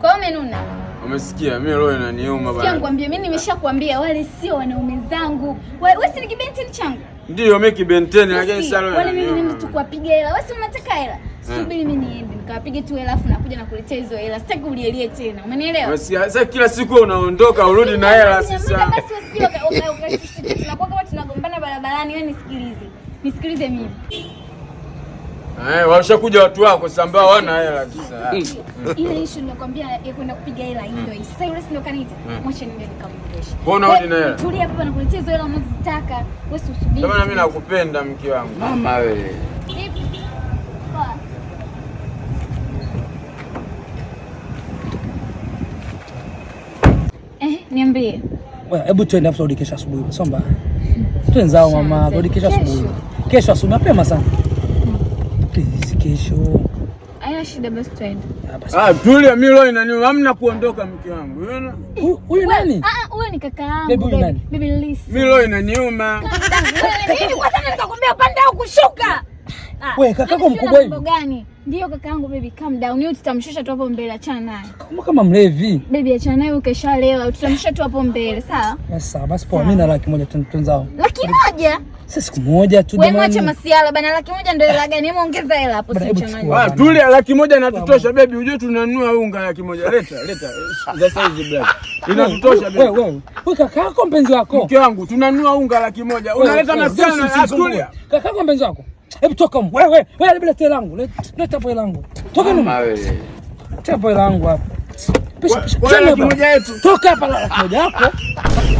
Kwa hiyo umenuna? Umesikia? Mimi roho inaniuma bana. Nikwambie mimi nimeshakwambia wale sio wanaume zangu. Wewe si kibenteni changu? Ndio mimi kibenteni lakini sasa roho. Wale mimi ni mtu kuwapiga hela. Wewe si unataka hela? Eh. Subiri mimi niende nikawapige tu hela afu nakuja nakuletea hizo hela. Sitaki ulielie tena. Umenielewa? Sasa kila siku unaondoka urudi na hela sasa. tunakuwa kama tunagombana barabarani. Wewe nisikilize. Nisikilize mimi. Eh, washakuja watu wako sasa ambao hawana hela sasa. Mm. Ile issue ninakwambia eh, kwenda kupiga hela hiyo. Mm. Sasa yule sio kanita. Mm. Mwache niende nikamrudishe. Mbona hodi na hela? Tulia hapa nakuletea hizo hela unazotaka. Wewe usubiri. Kama mimi nakupenda mke wangu. Mama wewe. Eh, niambie. Wewe hebu twende hapo kesho asubuhi. Somba. Twenzao mama, rudi kesho asubuhi. Kesho asubuhi mapema sana please kesho. Haina shida ah, basi twende. Ah, tulia milo ina nini? Hamna kuondoka mke wangu. Unaona? Huyu nani? Ah, ah huyu ni kaka yangu. Bibi nani? Bibi Lisa. Milo ina niuma. Kwa nini nikakwambia upande au kushuka? Wewe yaani kakako mkubwa hivi. Gani? Ndio kakaangu baby, calm down. Yeye yaani tutamshusha tu hapo mbele, achana naye. Kama kama mlevi. Baby achana naye ukesha ukeshalewa, tutamshusha tu hapo mbele, sawa? Yes, sawa. Basi poa, mimi na laki moja tunzao. Laki moja? Sasa siku moja tu jamani. Wewe acha masiala bana, laki moja ndio hela gani? Hebu ongeza hela hapo sichanganye. Ah, tuli laki moja inatutosha baby, unajua tunanunua unga laki moja. Leta, leta. Sasa size black. Inatutosha baby. Wewe, wewe. Wewe kakako mpenzi wako. Mke wangu tunanunua unga laki moja. Unaleta masiala na ah, tulia. Kakako mpenzi wako. Hebu toka wewe. Wewe bila tela langu. Leta boy langu. Toka nyuma. Leta boy langu hapa. Pisha pisha. Toka hapa la moja yako.